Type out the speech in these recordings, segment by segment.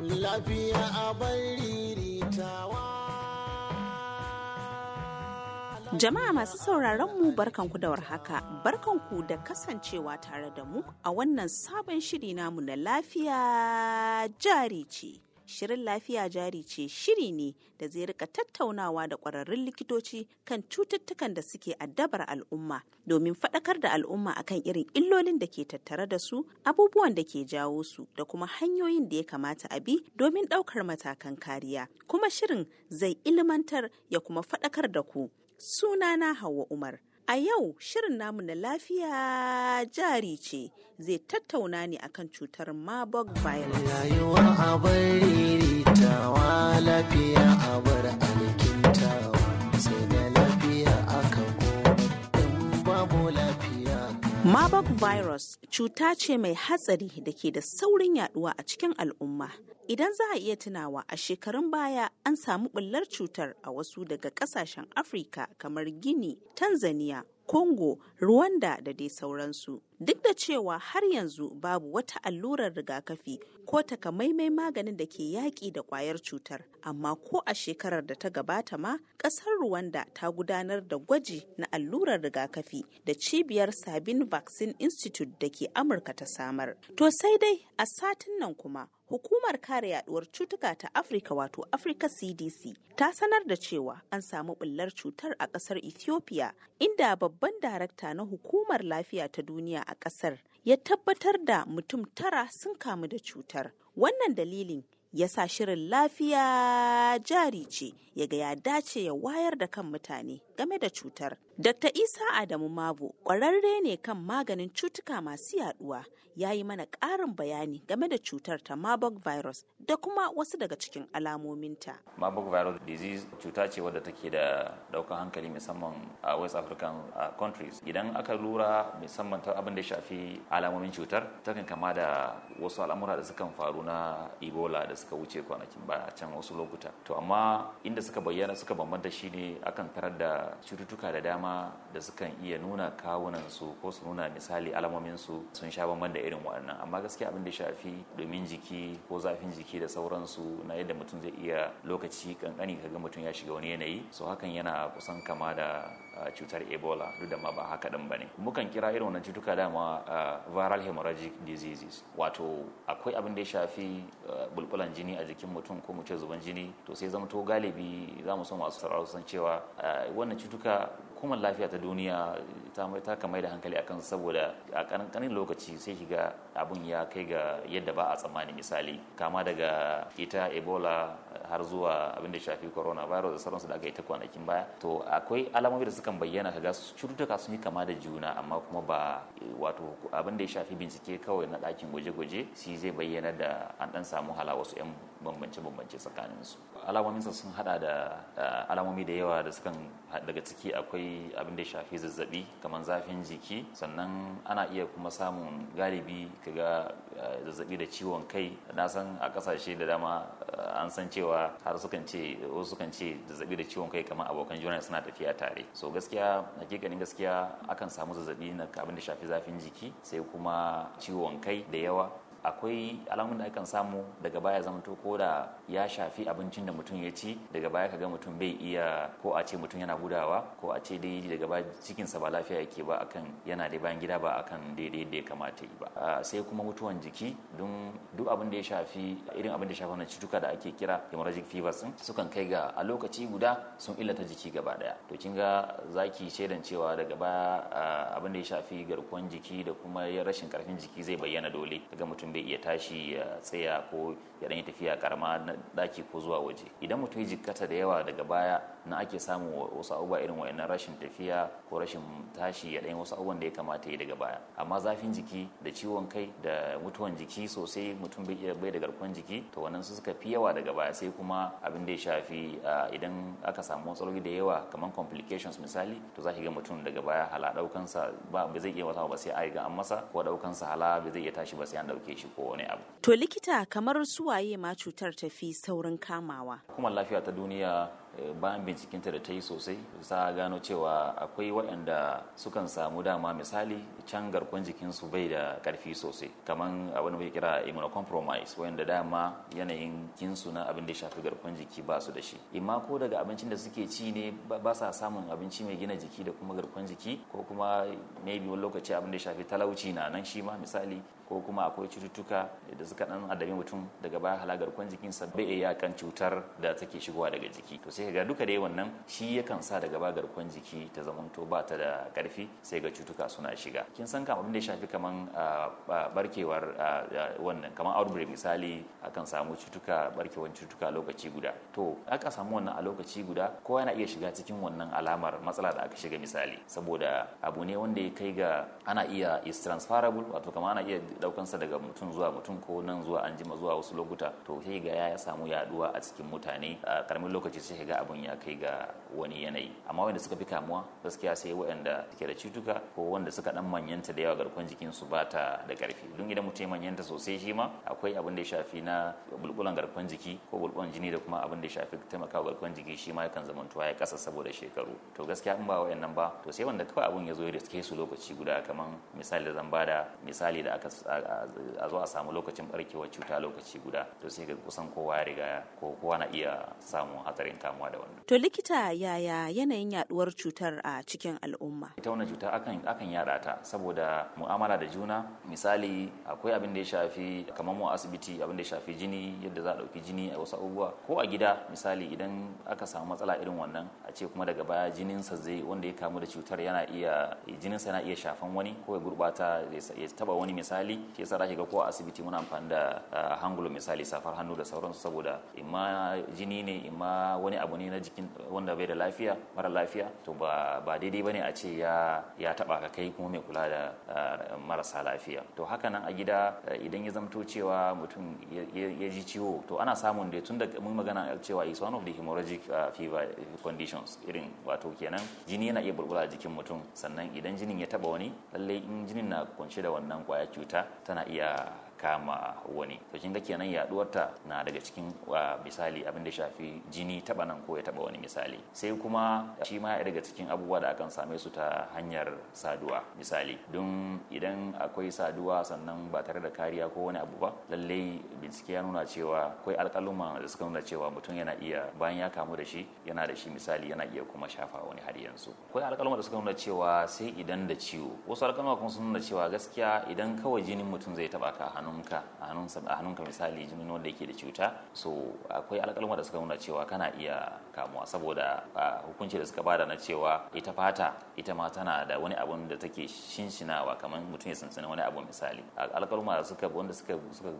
lafiya a Jama'a masu sauraron mu barkanku da warhaka, barkanku da kasancewa tare da mu a wannan sabon shiri namu na lafiya jari ce. Shirin lafiya jari ce shiri ne da zai rika tattaunawa da kwararrun likitoci kan cututtukan da suke addabar al'umma domin faɗakar da al'umma akan irin illolin da ke tattare da su, abubuwan da ke jawo su da kuma hanyoyin da ya kamata a bi domin ɗaukar matakan kariya. Kuma shirin zai ilimantar ya kuma faɗakar da ku. Sunana Hauwa Umar. A yau shirin namu na lafiya jari ce zai tattauna ne akan cutar Marburg virus. Rayuwa a lafiya a bar alki. Marburg virus cuta ce mai hatsari da ke da saurin yaduwa a cikin al'umma. Idan za a iya tunawa a shekarun baya an samu bullar cutar a wasu daga ƙasashen Afrika kamar Gini, Tanzania, Congo, Rwanda da dai sauransu. duk da cewa har yanzu babu wata allurar rigakafi ko takamaimai maganin da ke yaƙi da ƙwayar cutar amma ko a shekarar da ta gabata ma ƙasar rwanda ta gudanar da gwaji na allurar rigakafi da cibiyar sabin vaccine institute da ke amurka ta samar to sai dai a satin nan kuma hukumar kare yaduwar cutuka ta afirka wato afirka cdc ta sanar da cewa an samu bullar cutar a kasar ethiopia inda babban darakta na hukumar lafiya ta duniya a ƙasar ya tabbatar da mutum tara sun kamu da cutar. Wannan dalilin ya sa shirin lafiya jari ce ya ga ya dace ya wayar da kan mutane game da cutar. Dr. Isa Adamu mabu ƙwararre ne kan maganin cutuka masu yaduwa ya yi mana ƙarin bayani game da cutar ta Marburg virus da kuma wasu daga cikin alamominta. Marburg virus disease cuta ce wadda take da daukan hankali musamman a West African countries. Idan aka lura musamman ta abin da shafi alamomin cutar ta kan kama da wasu al'amura da suka faru na Ebola da suka wuce kwanakin baya can wasu lokuta. To amma inda suka bayyana suka bambanta shine akan tarar da cututtuka da dama da sukan iya nuna kawunan su ko su nuna misali alamomin su sun sha bamban da irin waɗannan amma gaskiya abin da shafi domin jiki ko zafin jiki da sauransu na yadda mutum zai iya lokaci kankani kaga mutum ya shiga wani yanayi so hakan yana kusan kama da cutar ebola duk da ma ba haka din bane mukan kira irin wannan cutuka dama viral hemorrhagic diseases wato akwai abin da ya shafi bulbulan jini a jikin mutum ko mu ce zuban jini to sai zama to galibi za mu so masu sauraro san cewa wannan cutuka kuma lafiya ta duniya ta mai ta kamar da hankali akan saboda a ƙanƙanin lokaci sai shiga abun ya kai ga yadda ba a tsammani misali kama daga ita ebola har zuwa abin da shafi coronavirus da sauransu da aka yi ta kwanakin baya to akwai alamomi da sukan bayyana kaga cututtuka sun yi kama da juna amma kuma ba wato abin da ya shafi bincike kawai na ɗakin gwaje-gwaje shi zai bayyana da an ɗan samu hala wasu 'yan bambance-bambance tsakaninsu alamominsa sun hada da alamomi da yawa da sukan daga ciki akwai abin da shafi zazzabi kamar zafin jiki sannan ana iya kuma samun galibi kaga eh, zazzabi da ciwon kai na san a kasashe da dama eh, an san cewa har sukan ce wasu sukan ce zazzabi da ciwon kai kamar abokan juna suna tafiya tare so gaskiya hakikanin gaskiya akan samu zazzabi na abin da shafi zafin jiki sai kuma ciwon kai da yawa akwai alamun da akan samu daga baya zamanto ko da ya shafi abincin da mutum ya ci daga baya kaga mutum bai iya ko a ce mutum yana gudawa ko a ce dai daga baya cikinsa ba lafiya yake ba akan yana da bayan gida ba akan daidai da ya kamata yi ba sai kuma mutuwan jiki don duk abin da ya shafi irin abin da ya shafi wannan cutuka da ake kira hemorrhagic fevers sukan kai ga a lokaci guda sun illata jiki gaba daya to kin ga zaki shaidan cewa daga baya abin da ya shafi garkuwan jiki da kuma rashin karfin jiki zai bayyana dole daga mutum mutum bai iya tashi ya tsaya ko ya ɗan tafiya karama na ɗaki ko zuwa waje idan mutum ya jikkata da yawa daga baya na ake samun wasu abubuwa irin wa'annan rashin tafiya ko rashin tashi ya ɗan wasu abubuwan da ya kamata yi daga baya amma zafin jiki da ciwon kai da mutuwan jiki sosai mutum bai iya bai da garkuwan jiki to wannan su suka fi yawa daga baya sai kuma abin da ya shafi idan aka samu matsaloli da yawa kamar complications misali to za ga mutum daga baya hala ɗaukansa ba zai iya wata ba sai a ga an masa ko ɗaukansa hala ba zai iya tashi ba sai an ɗauke shi ko wani abu. To likita kamar suwaye ma cutar tafi saurin kamawa. Hukumar lafiya ta duniya Eh, bayan bincikinta da ta yi sosai sa gano cewa akwai waɗanda sukan samu dama misali can garkon jikinsu bai da ƙarfi sosai kamar abin da kira immunocompromise wanda dama yanayin kinsu na abin da ya shafi garkon jiki ba su da shi imma ko daga abincin da suke ci ne ba sa samun abinci mai gina jiki da kuma garkon jiki ko kuma maybe wani lokaci abin da ya shafi talauci na nan shi ma misali ko kuma akwai cututtuka da suka dan addabi mutum daga baya halagar kwan jikinsa bai iya kan cutar da take shigowa daga jiki sai ga duka dai wannan shi yakan sa da gaba garkuwar jiki ta zamanto ba ta da karfi sai ga cutuka suna shiga kin san kam abin da ya shafi kaman barkewar wannan kaman outbreak misali akan samu cutuka barkewar cutuka lokaci guda to aka samu wannan a lokaci guda ko yana iya shiga cikin wannan alamar matsala da aka shiga misali saboda abu ne wanda ya kai ga ana iya is transferable wato kama ana iya daukansa daga mutum zuwa mutum ko nan zuwa anjima zuwa wasu lokuta to sai ga ya samu yaduwa a cikin mutane a karamin lokaci sai shiga abun ya kai ga wani yanayi amma wanda suka fi kamuwa gaskiya sai waɗanda suke da cutuka ko wanda suka dan manyanta da yawa garkuwar jikin su ba ta da ƙarfi don idan mutum ya manyanta sosai shi ma akwai abin da ya shafi na bulbulan garkuwar jiki ko bulbulan jini da kuma abin da ya shafi taimakawa garkuwar jiki shi ma yakan tuwa ya kasa saboda shekaru to gaskiya in ba waɗannan ba to sai wanda kawai abun ya zo ya riske su lokaci guda kamar misali da zan bada misali da aka a zo a samu lokacin barkewar cuta lokaci guda to sai ga kusan kowa ya riga ko kowa na iya samun hatsarin kamu kamuwa da wannan. To likita yaya yanayin yaduwar cutar a cikin al'umma? Ita wannan cuta akan akan yada ta saboda mu'amala da juna misali akwai abin da ya shafi kamar mu asibiti abin da ya shafi jini yadda za a dauki jini a wasu abubuwa ko a gida misali idan aka samu matsala irin wannan a ce kuma daga baya jininsa zai wanda ya kamu da cutar yana iya jininsa yana iya shafan wani ko ya gurbata ya taba wani misali shi sa zaki ga ko a asibiti muna amfani da ah, hangulo misali safar hannu da sauransu saboda imma jini ne imma wani abu abu ne na jikin wanda bai da lafiya mara lafiya to ba daidai ba ne a ce ya ya taba ka kai kuma mai kula da eh, marasa lafiya to haka nan a gida eh, idan ya zamto cewa mutum ya ji ciwo to ana samun da tun da mun magana cewa is one of the hemorrhagic eh, fever conditions irin wato kenan jini yana iya burbura a jikin mutum sannan idan jinin ya taba wani lallai in jinin na kunshe da wannan kwaya cuta tana iya kama wani to kin kenan yaduwarta na daga cikin misali abin da shafi jini taba nan ko ya taba wani misali sai kuma shi ma ya daga cikin abubuwa da akan same su ta hanyar saduwa misali don idan akwai saduwa sannan ba tare da kariya ko wani abu ba lalle bincike ya nuna cewa akwai alƙaluma da suka nuna cewa mutum yana iya bayan ya kamu da shi yana da shi misali yana iya kuma shafa wani har yanzu akwai alƙaluma da suka nuna cewa sai idan da ciwo wasu alƙaluma kuma sun nuna cewa gaskiya idan kawai jinin mutum zai taba ka hannu hannunka a hannunsa a hannunka misali jinin wanda yake da cuta so akwai alƙalma da suka nuna cewa kana iya kamuwa saboda hukunci da suka bada na cewa ita fata ita ma tana da wani abun da take shinshinawa kamar mutum ya tsintsina wani abu misali alƙalma da suka wanda suka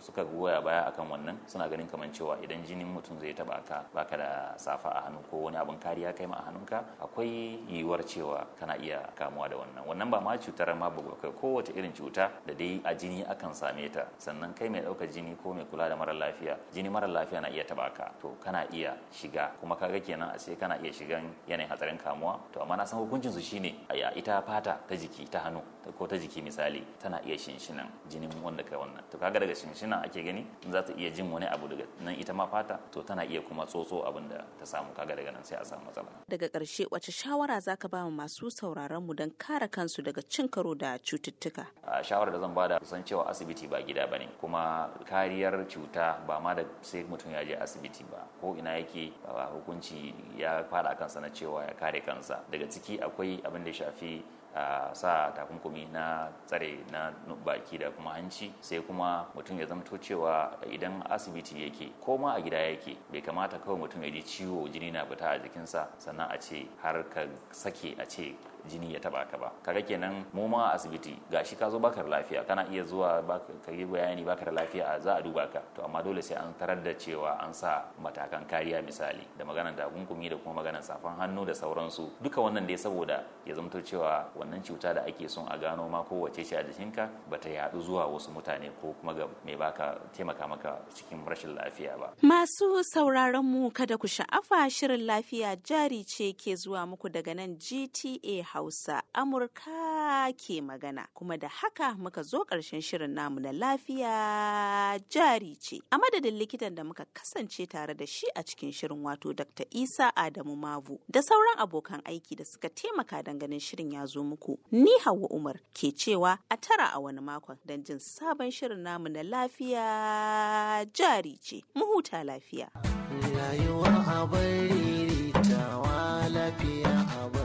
suka goya baya akan wannan suna ganin kamar cewa idan jinin mutum zai taba ka baka da safa a hannu ko wani abun kariya kai ma a hannunka akwai yiwuwar cewa kana iya kamuwa da wannan wannan ba ma cutar ma ba kowace irin cuta da dai a jini akan same ta sannan kai mai ɗaukar jini ko mai kula da marar lafiya jini marar lafiya na iya taba ka to kana iya shiga kuma kaga kenan a ce kana iya shigan yanayin hatsarin kamuwa to amma na san hukuncin su shine a ita fata ta jiki ta hannu ko ta jiki misali tana iya shinshinan jinin wanda kai wannan to kaga daga shinshinan ake gani za ta iya jin wani abu daga nan ita ma fata to tana iya kuma tsotso abin da ta samu kaga daga nan sai a samu matsala daga ƙarshe wace shawara zaka ba masu sauraron mu don kare kansu daga cin karo da cututtuka a shawara da zan bada kusan cewa asibiti ba gida lafiya bane kuma kariyar cuta ba ma da sai mutum ya je asibiti ba ko ina yake ba hukunci ya fara kansa na cewa ya kare kansa daga ciki akwai abin da shafi a sa takunkumi na tsare na baki da kuma hanci sai kuma mutum ya zamto cewa idan asibiti yake ko ma a gida yake bai kamata kawai mutum ya ji ciwo jini na fita a jikinsa sannan a ce har ka sake a ce jini ya taba ka ba kaga kenan mu ma a asibiti gashi ka zo baka da lafiya kana iya zuwa ka yi bayani baka da lafiya za a duba ka to amma dole sai an tarar da cewa an sa matakan kariya misali da maganar takunkumi da kuma maganar safan hannu da sauransu duka wannan dai saboda ya zama cewa wannan cuta da ake son a gano ma kowace ce a jikinka bata yaɗu zuwa wasu mutane ko kuma ga mai baka taimaka maka cikin rashin lafiya ba masu sauraron mu kada ku sha'afa shirin lafiya jari ce ke zuwa muku daga nan GTA Hausa Amurka ke magana. Kuma da haka muka zo ƙarshen shirin namu na lafiya jari ce. A madadin likitan da muka kasance tare da shi a cikin shirin wato Dr. Isa Adamu Mavu da sauran abokan aiki da suka taimaka ganin shirin ya zo muku. Ni Hauwa Umar ke cewa a tara a wani makon don jin sabon shirin namu na lafiya jari ce. Mu huta lafiya. Rayuwa a lafiya a